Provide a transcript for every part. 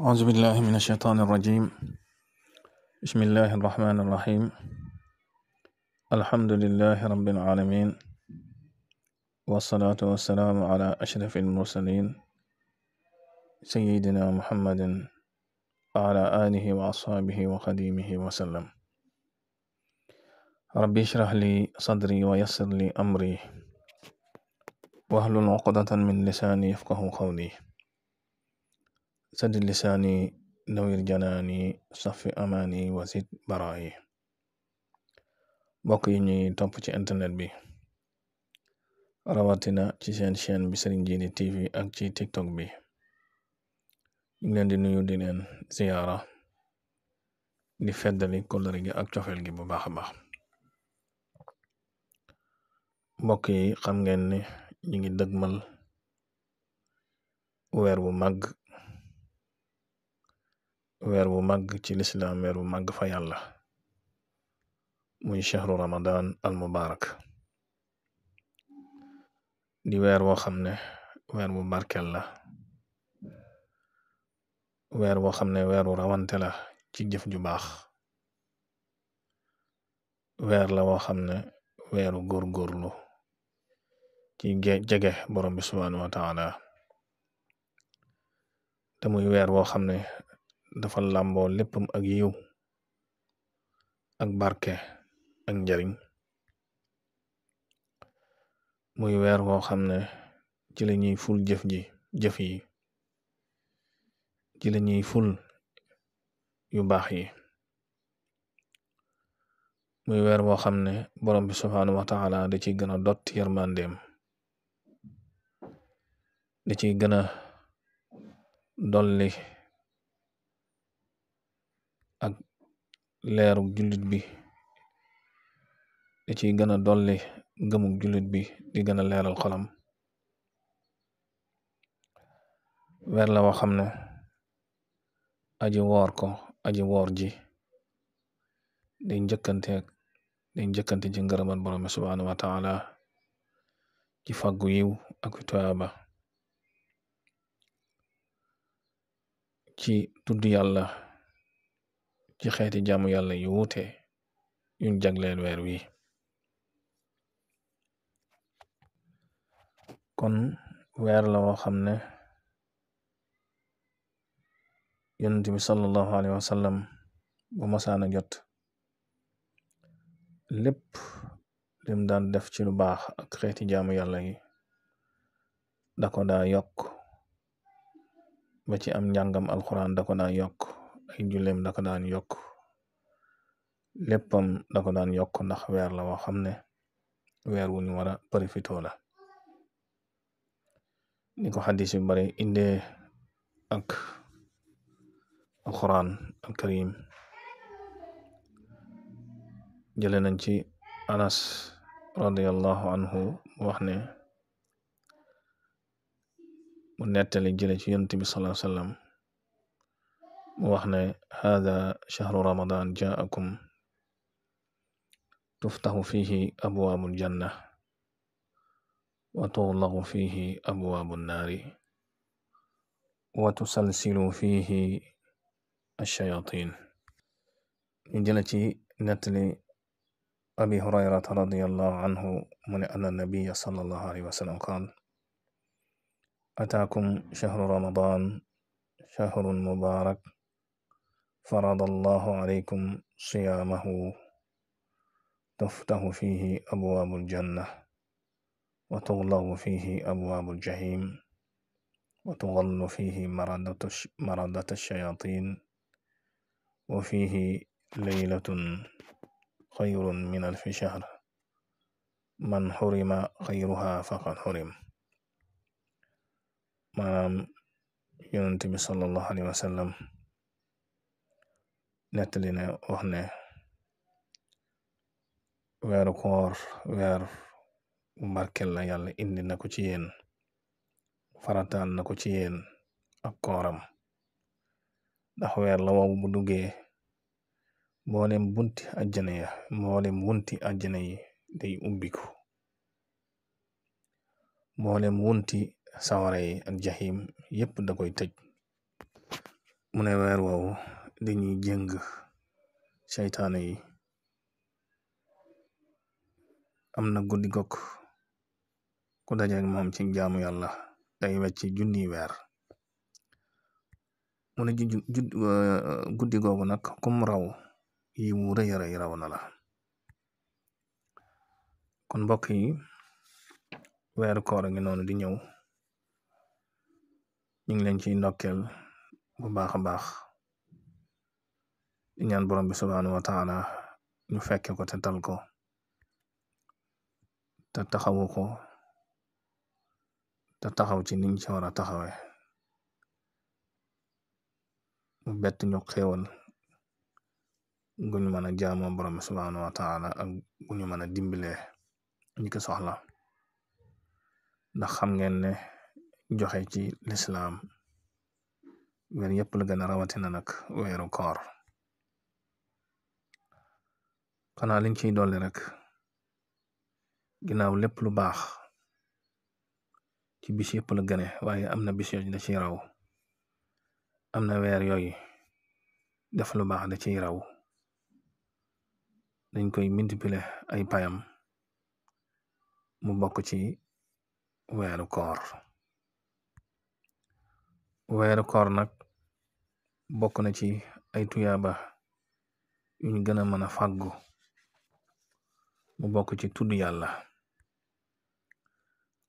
أعوذ بالله من الشيطان الرجيم بسم الله الرحمن الرحيم الحمد لله رب العالمين والصلاة والسلام على أشرف المرسلين سيدنا محمد وعلى آله وأصحابه وخديمه وسلم ربي اشرح لي صدري ويسر لي أمري واهلل عقدة من لساني يفقه قولي سد لساني nawir janaani safi amaani wasit baraayi mbokk yi ñuy topp ci internet bi rawatina ci seen chaîne bi Serigne Djily TV ak ci tiktok bi ñu ngi leen di nuyu di leen ziyaara di feddali kóllëre ak cofeel gi bu baax a baax mbokk yi xam ngeen ne ñu ngi dëgmal weer bu màgg weer wu màgg ci lislaam weer wu màgg fa yàlla muy chahru ramadan al mubarak di weer woo xam ne weer wu barkel la weer woo xam ne weer wu rawante la ci jëf ju baax weer la woo xam ne weeru góorgóorlu ci jege borom bi subhaanahu wa taala te muy weer woo xam ne dafa làmboo léppam ak yiw ak barke ak njariñ muy weer woo xam ne ci lañuy ful jëf ji jëf yi ci lañuy ful yu baax yi muy weer woo xam ne borom bi subhaanahu wa taala da ciy gën a dot yërmandeem da ciy gën a dolli leerug jullit bi da ciy gëna dolli ngëmug jullit bi di gëna leeral xolam weer la woo xam ne aji woor aji woor ji day njëkkante day njëkkante ci ngërëmal borom subhaanahu ci fàggu yiw ak tuyaaba ci tudd yàlla ci xeeti jaamu yàlla yu wuute yuñ jagleel weer wi kon weer la woo xam ne yonent bi sallallahu alayhi wa sallam bu masaana jot lépp lim daan def ci lu baax ak xeeti jaamu yàlla yi da ko daa yokk ba ci am njàngam alxuraan da ko yokk ay julleem da daan yokk léppam da daan yokk ndax weer la woo xam ne weer wu ñu war a profitoo la ni bari indee ak alquran alkarim jële nañ ci anas radiallahu anhu mu wax mu nettali jële ci yonent bi sallallahu mu wax ne hada chahru ramadan jaakum tuftaxu fihi abwaabul janna wa tuxlaqu fihi abwaabu nnaari wa tusalsilu fihi achayatin ñu jële ci nettali abi hurayrata radiallahu anhu mu ne anna nabiya sallallahu alayhi wa sallam qaal ataakum chahru ramadan chahrun mubaarak farada allahu alaykum siyaamahu tuftahu fihi abwaabu aljanna wa tuglabu fihi abwaabu aljahim wa tugallu fihi maradat alshayatin wa fihi leylatun xayrun min alfi shahr man xurima xayruha faqad xurim maanaam yonent bi sallallahu alayhi wa sallam nettali na wax ne weeru koor weer barkel la yàlla indi na ko ci yéen farataal na ko ci yéen ak kooram ndax weer la woowu bu duggee mboolem bunt àjjana ya mboolem wunti àjjana yi day ubbiku mboolem wunti sawara yi ak jaxiim yépp da koy tëj ne weer woowu dañuy jëng seytaane yi am na guddi gokk ku dajeeg moom ci jaamu yàlla day wecc junniy weer mu ne ju euh, guddi googu nag kum raw yi mu rëy rëy raw na la kon mbokk yi weeru koor di ñëw ñu ngi leen ciy ndokkeel bu di ñaan borom bi subhaanahu wa taala ñu fekke ko te ko te taxawuko ko te taxaw ci niñ ci war a taxawe mu bett ñu xéewal guñ mën a jaamoo borom bi subhaanahu wa taala ak guñu mën a dimbalee ñi ko soxla ndax xam ngeen ne joxe ci lislaam weer yëpp la gën a rawatina nag weeru koor xanaa liñ ciy dolli rek ginnaaw lépp lu baax ci bis yëpp la gëne waaye am na bis yooyu da ciy raw am na weer yooyu def lu baax da ciy raw dañ koy multiplier ay payam mu bokk ci weeru koor weeru koor nag bokk na ci ay tuyaaba yuñ gën a mën a fàggu mu bokk ci tudd yàlla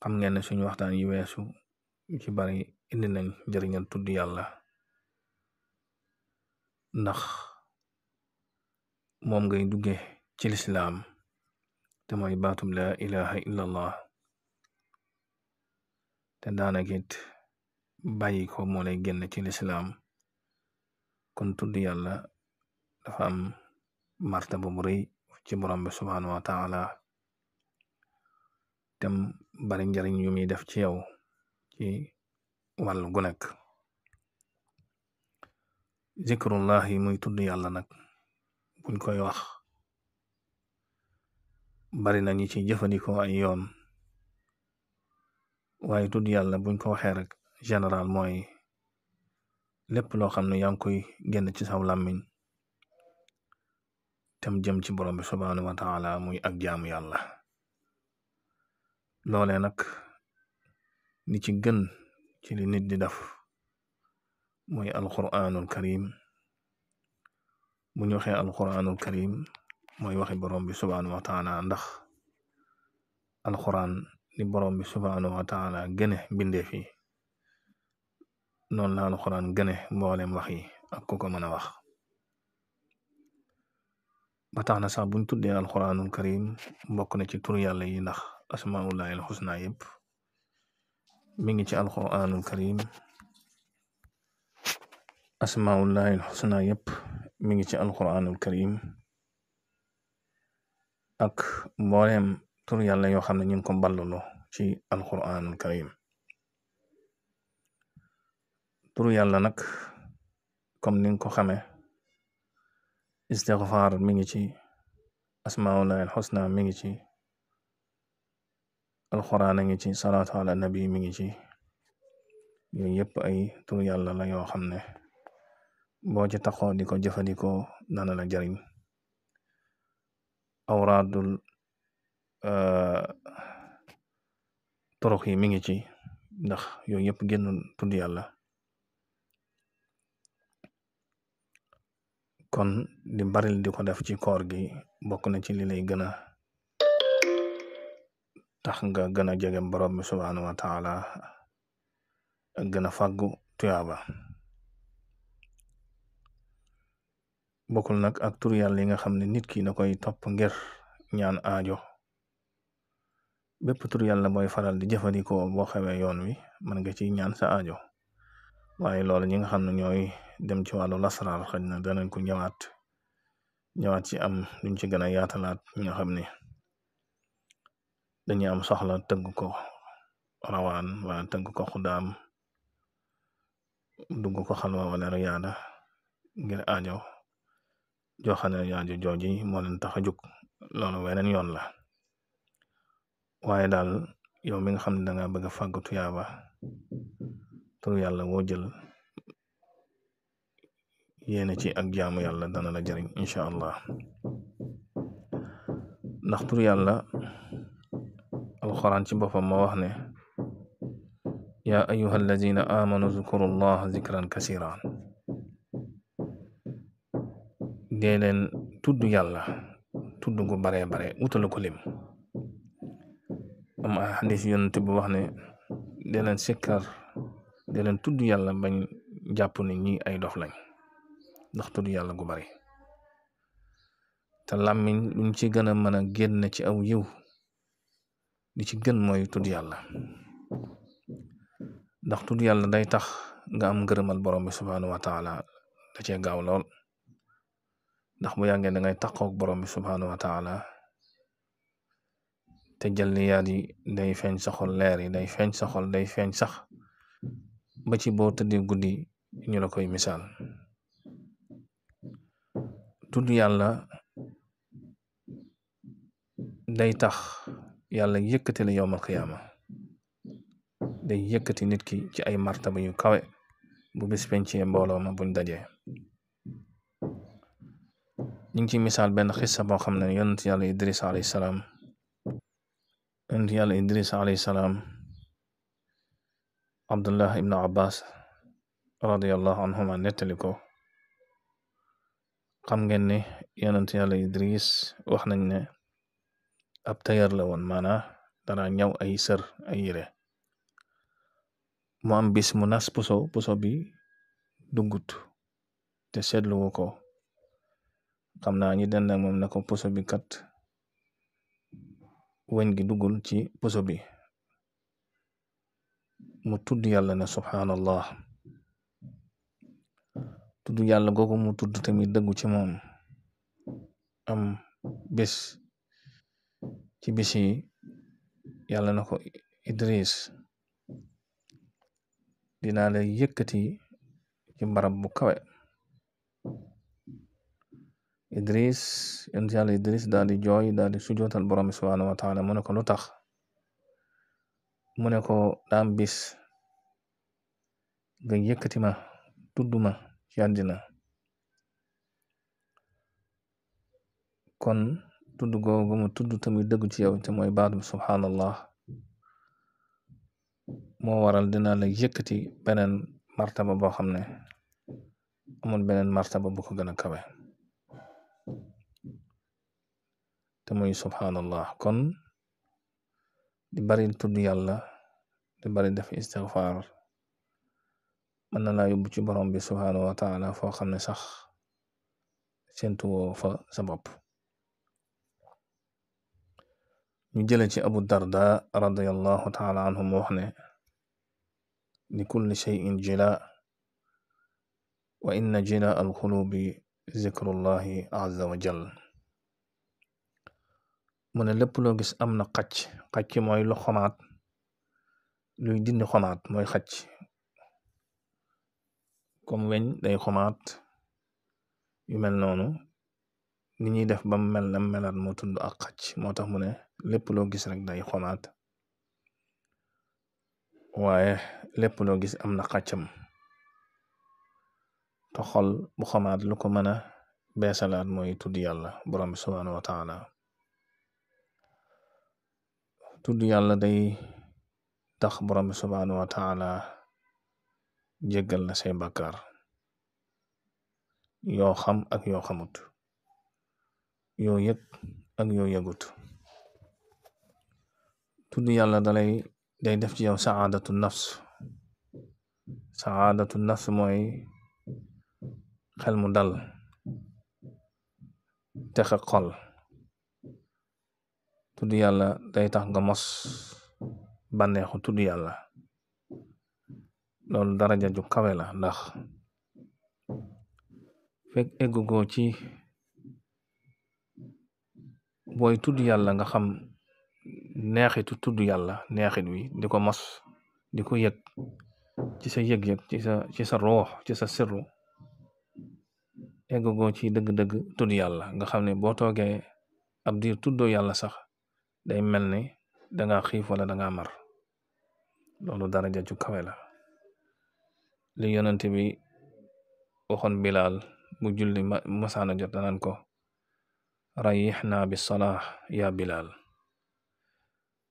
xam ngeen ne suñu waxtaan yi weesu ci bari indi nañ njëriñal tudd yàlla ndax moom ngay dugge ci lislaam te mooy baatum la ilaha illallah te daanaka it bàyyi ko moo lay génn ci lislaam kon tudd yàlla dafa am martaba bu rëy ci borom bi subhaanahu wa taala tem bari njariñ yu muy def ci yow ci wàll gu nekk zikrullahi muy tudd yàlla nag buñ koy wax bari na ñi ci jëfandikoo ay yoon waaye tudd yàlla buñ ko waxee rek général mooy lépp loo xam ne yaa ngi koy génn ci saw làmmiñ tam jëm ci borom bi subhaanahu wa muy ak jaamu yàlla loolee nag ni ci gën ci li nit di def mooy alquranul karim bu ñu waxee alquranul karim mooy waxi borom bi subhaanahu wa taala ndax alquran li borom bi subhaanahu wa taala gëne bindee fi noonu la alquran gëne mboolem wax yi ak ku ko mën a wax. ba tax na sax buñ tuddee alxuraanul karim bokk na ci tur yàlla yi ndax asmaullahi alxusna yëpp mi ngi ci alxuraanul karim asmaullahi alxusna yëpp mi ngi ci alxuraanul karim ak mbooleem tur yàlla yoo xam ne ñu ngi ci alxuraanul karim tur yàlla nag comme ni nga ko xamee istixfaar mi ngi ci asmaullahi alxusna mi ngi ci alxuraan a ngi ci salaatu ala nabi mi ngi ci yooyu yëpp ay tur yàlla la yoo xam ne boo ci taxoo di ko jëfandikoo dana la jariñ awraadul euh, turux yi mi ngi ci ndax yooyu yëpp génnul tudd yàlla kon di baril di ko def ci koor gi bokk na ci li lay gën a tax nga gën a jege borom bi subhaanahu wa taala ak gën a fàggu tuyaaba bokkul nag ak tur yàlla yi nga xam ne nit ki na koy topp ngir ñaan aajo bépp tur yàlla booy faral di jëfandikoo boo xamee yoon wi mën nga ci ñaan sa aajo waaye lool ñi nga xam ne ñooy dem ci wàllu lasaraar xaj na danañ ko ñëwaat ñëwaat ci am luñ ci gën a yaatalaat ñi xam ne dañuy am soxla tëgg ko rawaan wala tëgg ko xudaam dugg ko xalwa wala riyaada ngir aajo joo xam ne aajo jooji moo leen tax a jóg weneen yoon la waaye daal yow mi nga xam ne da nga bëgg a fàggu tuyaaba tur yàlla woo jël yéene ci ak jaamu yàlla dana la jariñ incha allah ndax tur yàlla alxuraan ci boppam ma wax ne yaa ayuha alladina amanu zkuru llah zikran kasiran dee leen tudd yàlla tudd gu baree bare utala ko lim am ay xadis yonent bu wax ne dee sikkar dee leen tudd yàlla bañ jàpp ne ñi ay dof lañ ndax tudu yàlla gu bari te làmmiñ luñ ci gën a mën a génn ci aw yiw li ci gën mooy tudd yàlla ndax tudd yàlla day tax nga am ngërëmal borom bi subhaanahu wa taala da cee gaaw ndax bu yàggee na ngay taqoog borom bi subhaanahu wa taala te jëlliyaat yi day feeñ sa xol leer yi day feeñ sa day feeñ sax ba ci boo tëddee guddi ñu la koy misaal tudd yàlla day tax yàlla yëkkati la yowmal xiyaama day yëkkati nit ki ci ay martaba yu kawe bu bis pencee mbooloo ma buñ dajee ñu ngi ci misaal benn xissa boo xam ne yonent yàlla idris alayhi salaam yonent yàlla idris alayhi salaam abdullah ibnu abbas radiallahu anhuma nettali ko xam ngeen ne yonent yàlla Idris wax nañ ne ab tayar la woon maanaa dana ñaw ay sër ay yére mu bis mu nas poso puso bi duggut te seetluwu ko xam naa ñi den nag moom ne ko puso bi kat weñ gi duggul ci poso bi mu tudd yàlla ne subhanallah tudd yàlla googu mu tudd tamit dëggu ci moom am bés ci bés yi yàlla na ko Idris dinaa la yëkkati ci mbarab bu kawe Idris yonent yàlla Idris daal di jooy daal di sujootal borom bi subhaanahu wa mu ne ko lu tax mu ne ko daam bis nga yëkkati ma tudd ma ci kon tudd googu mu tudd te muy dëggu ci yow te mooy moo waral dina la yëkkati beneen martaba boo xam ne amul beneen martaba bu ko gën a kawe te kon di bari tudd yàlla di bari def istighfar mën na laa yóbbu ci borom bi subhaanahu wa taala foo xam ne sax sentuwoo fa sa bopp ñu jële ci abu darda radiallahu taala anhu mu wax ne li kulli cheyin jila wa inna jila alxulubi zikrullahi azza wa jal mu ne lépp loo gis am na xacc xacc mooy lu xomaat luy dindi xomaat mooy xacc comme weñ day xomaat yu mel noonu ni ñuy def ba mu mel na melaat moo tudd ak xacc moo tax mu ne lépp loo gis rek day xumaat waaye lépp loo gis am na xàccam te xol bu xamaat lu ko mën a beesalaat mooy tudd yàlla borom bi subhaanahu wa taala tudd day tax borom bi subhaanahu wa jéggal na say bàkkaar yoo xam ak yoo xamut yoo yëg ak yoo yëgut tudd yàlla dalay day def ci yow saadatu nafs saadatu nafs mooy xel mu dal tex ak xol tudd yàlla day tax nga mos bànneexu tudd yàlla loolu daraja ju kawe la ndax fekk ci booy tudd yàlla nga xam neexitu tudd yàlla neexit wi di ko mos di ko yëg ci sa yëg-yëg ci sa ci ci sa sirru eggugoo ci dëgg-dëgg tudd yàlla nga xam ne boo toogee ab diir tuddoo yàlla sax day mel ni danga xiif wala danga mar loolu daraja ju kawe la li yonante bi waxoon bilaal bu julli masaana jot danaan ko rayixnaa bi salaax yaa bilaal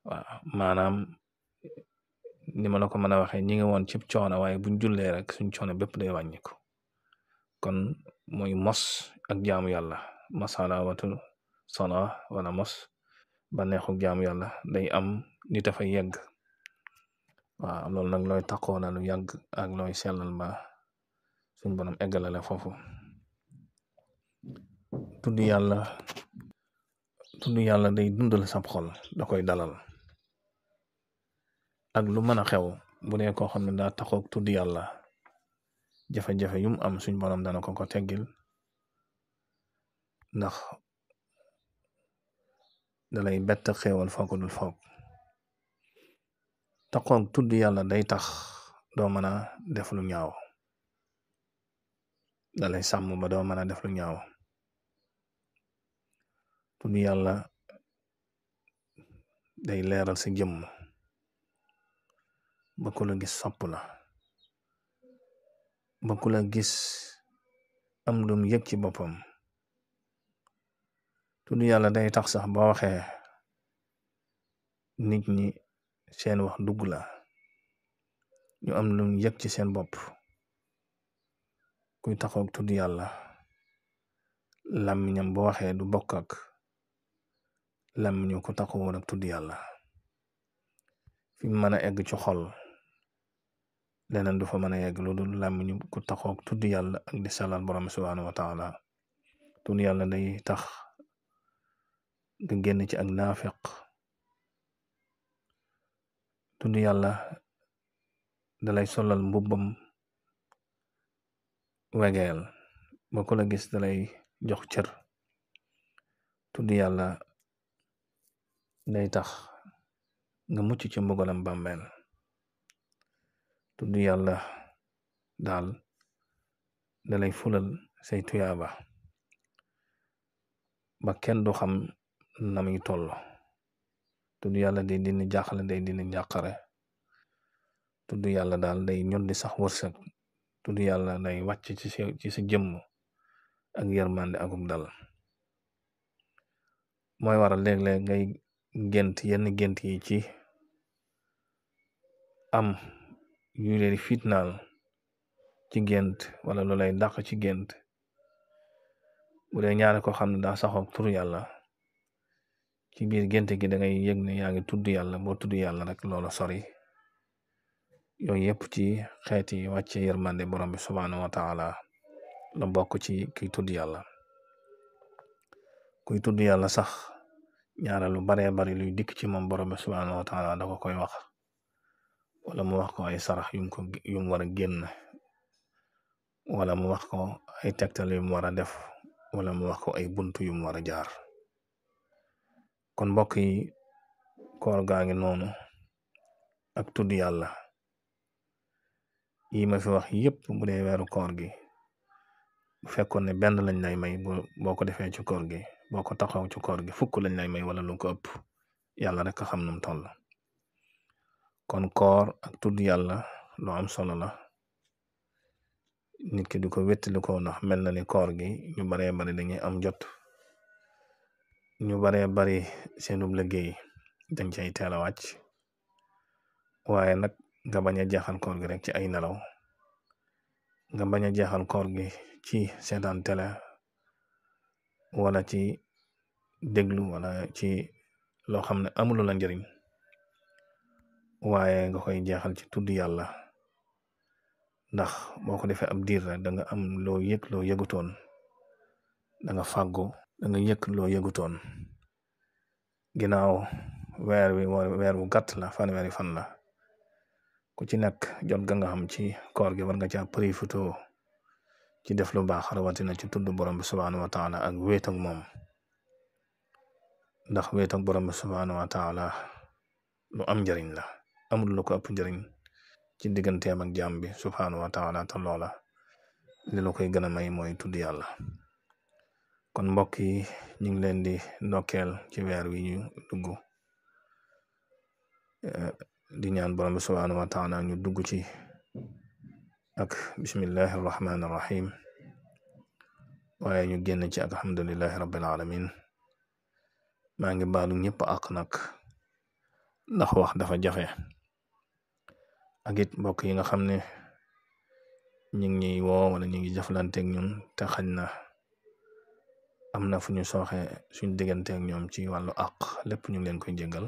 waaw maanaam ni ma la ko mën a waxee ñi ngi woon cib coono waaye buñ jullee rek suñ coono bépp day wàññiku kon muy mos ak jaamu yàlla masalaawatu salaax wala mos ba neexu jaamu yàlla day am ni dafay yegg waaw loolu nag looy taxoo la lu yàgg ak looy sellal ba suñ borom eggalale foofu tudd yàlla tudd yàlla day dundal sab xol da koy dalal ak lu mën a xew bu dee koo xam ne daal taxoog tudd yàlla jafe-jafe yum am suñ borom dana ko ko teggil ndax dalay bett xéewal foo ko dul foog taxoog tudd yàlla day tax doo mën a def lu ñaaw dalay sàmm ba doo mën a def lu ñaaw tudd yàlla day leeral sa jëmm ba ku la gis sopp la ba ku la gis am lum yëg ci boppam tudd yàlla day tax sax boo waxee nit seen wax dugg la ñu am lu yëg ci seen bopp kuy taxaw tudd yàlla làmmiñam bu waxee du bokk ak làmmiñu ko taxawoon ak tudd yàlla fi mu mën a egg ci xol leneen du fa mën a yegg lu dul làmmiñu ku taxaw tudd yàlla ak di salal borom subhaanahu wa taala tudd yàlla day tax nga génn ci ak naafeq tudd yàlla dalay solal mbubbam wegeel ba ku la gis dalay jox cër tudd yàlla day tax nga mucc ci mbugalam bàmmeel tudd yàlla daal dalay fulal say tuyaaba ba kenn du xam na muy toll tudd yàlla day dindi jaaxle day dindi njàqare tudd yàlla daal day ñod di sax wërsëg tuddu yàlla day wàcc ci sa ci sa jëmm ak yërmande akum dal mooy waral léeg-léeg ngay gent yenn gént yi ci am yu leen fitnaal ci gént wala lu lay dàq ci gent bu dee ñaare ko xam ne daa saxoog tur yàlla ci biir gént ki da ngay yëg ne yaa ngi tudd yàlla boo tudd yàlla rek loola sori yooyu yëpp ci xeeti wàcce yërmande borom bi subhaanahu wa taala la bokk ci ki tudd yàlla kuy tudd yàlla sax ñaara lu baree bari luy dikk ci moom borom bi subhaanahu wa da ko koy wax wala mu wax ko ay sarax yum ko yum war a génn wala mu wax ko ay tegtal yum war a def wala mu wax ko ay bunt yum war a jaar kon mbokk yi koor gaa ngi noonu ak tudd yàlla yi ma fi wax yëpp mu dee weeru koor gi bu fekkoon ne benn lañ lay may boo ko defee ci koor gi boo ko taxaw ci koor gi fukk lañ lay may wala lu ko ëpp yàlla rek a xam num toll kon koor ak tudd yàlla lu am solo la nit ki di ko wéttali ko ndax mel na ni koor gi ñu baree bari dañuy am jot ñu baree bari seenum liggéey dañ cay teel a wàcc waaye nag nga bañ a jeexal koor gi rek ci ay nelaw nga bañ a jeexal koor gi ci seetaan télé wala ci déglu wala ci loo xam ne amulu la njariñ waaye nga koy jeexal ci tudd yàlla ndax boo ko defee ab diir danga da am loo yëg loo yëgutoon danga nga fàggu da loo yëgutoon ginnaaw weer wi weer wu gàtt la fanweeri fan la ku ci nekk jot ga nga xam ci koor gi war nga caa profité ci def lu baax rawatina ci tudd borom bi subhaanahu wa ak wéet moom ndax wéet ak borom bi subhaanahu wa lu am njariñ la amul lu ko ëpp njariñ ci digganteem ak jaam bi subhaanahu wa loola li la koy gën a may mooy tudd yàlla kon mbokk yi ñu ngi leen di ndokkeel ci weer wi ñu dugg eh, di ñaan borom bi subhaanahu wa taala ñu dugg ci ak bismillahi arrahmaani arrahim waaye ñu génn ci ak alhamdulilahi alamin maa ngi balu ñëpp ak nag ndax wax dafa jafe ak it mbokk yi nga xam ne ñu ngi ñuy woo wala ñu ngi jëflanteeg ñun te xañ na am na fu ñu sooxe suñ digganteeg ñoom ci wàllu àq lépp ñu ngi leen koy jéggal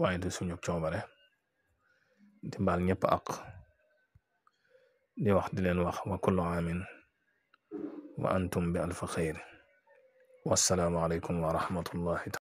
waaye du suñu coobare di baal ñëpp aq di wax di leen wax wa kullu aamin wa antum bi alfa xayr wassalaamu aleykum wa rahmatullahi